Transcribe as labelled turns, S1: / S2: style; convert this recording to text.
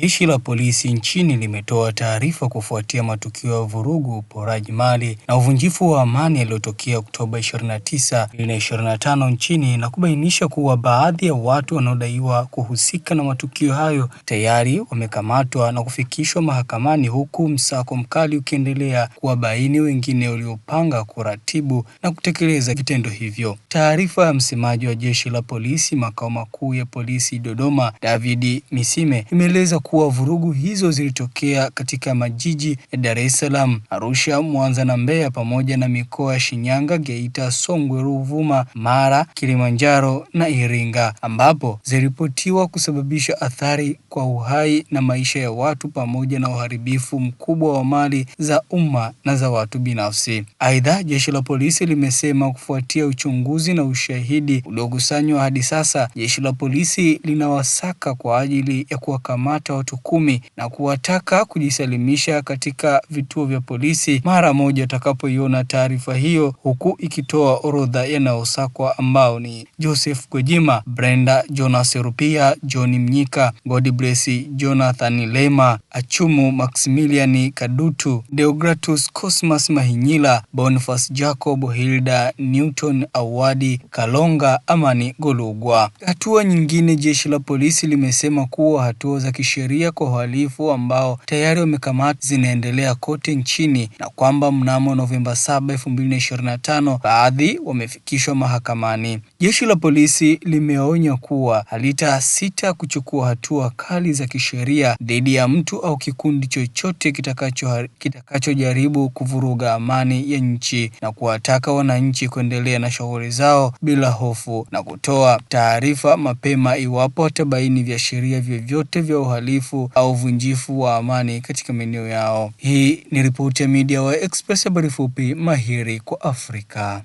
S1: Jeshi la polisi nchini limetoa taarifa kufuatia matukio ya vurugu, uporaji mali na uvunjifu wa amani yaliyotokea Oktoba 29, 2025 nchini na kubainisha kuwa baadhi ya watu wanaodaiwa kuhusika na matukio hayo tayari wamekamatwa na kufikishwa mahakamani huku msako mkali ukiendelea kuwabaini wengine waliopanga, kuratibu na kutekeleza vitendo hivyo. Taarifa ya msemaji wa jeshi la polisi makao makuu ya polisi Dodoma, David Misime imeeleza kuwa vurugu hizo zilitokea katika majiji ya Dar es Salaam, Arusha, Mwanza na Mbeya pamoja na mikoa ya Shinyanga, Geita, Songwe, Ruvuma, Mara, Kilimanjaro na Iringa ambapo ziliripotiwa kusababisha athari kwa uhai na maisha ya watu pamoja na uharibifu mkubwa wa mali za umma na za watu binafsi. Aidha, jeshi la polisi limesema kufuatia uchunguzi na ushahidi uliokusanywa hadi sasa, jeshi la polisi linawasaka kwa ajili ya kuwakamata kuwakamata watu kumi na kuwataka kujisalimisha katika vituo vya polisi mara moja atakapoiona taarifa hiyo, huku ikitoa orodha yanayosakwa ambao ni Joseph Gwajima, Brenda Jonas Rupia, John Mnyika, Godbless Jonathan Lema, Achumu Maximilian Kadutu, Deogratus Cosmas Mahinyila, Boniface Jacob, Hilda Newton Awadi Kalonga, Amani Golugwa. Hatua nyingine, jeshi la polisi limesema kuwa hatua za kisheria sheria kwa uhalifu ambao tayari wamekamata zinaendelea kote nchini na kwamba mnamo Novemba 7, 2025 baadhi wamefikishwa mahakamani. Jeshi la polisi limeonya kuwa halitasita kuchukua hatua kali za kisheria dhidi ya mtu au kikundi chochote kitakacho kitakachojaribu kuvuruga amani ya nchi na kuwataka wananchi kuendelea na shughuli zao bila hofu na kutoa taarifa mapema iwapo watabaini viashiria vyovyote vya uhalifu uhalifu au uvunjifu wa amani katika maeneo yao. Hii ni ripoti ya media wa Express, habari fupi mahiri kwa Afrika.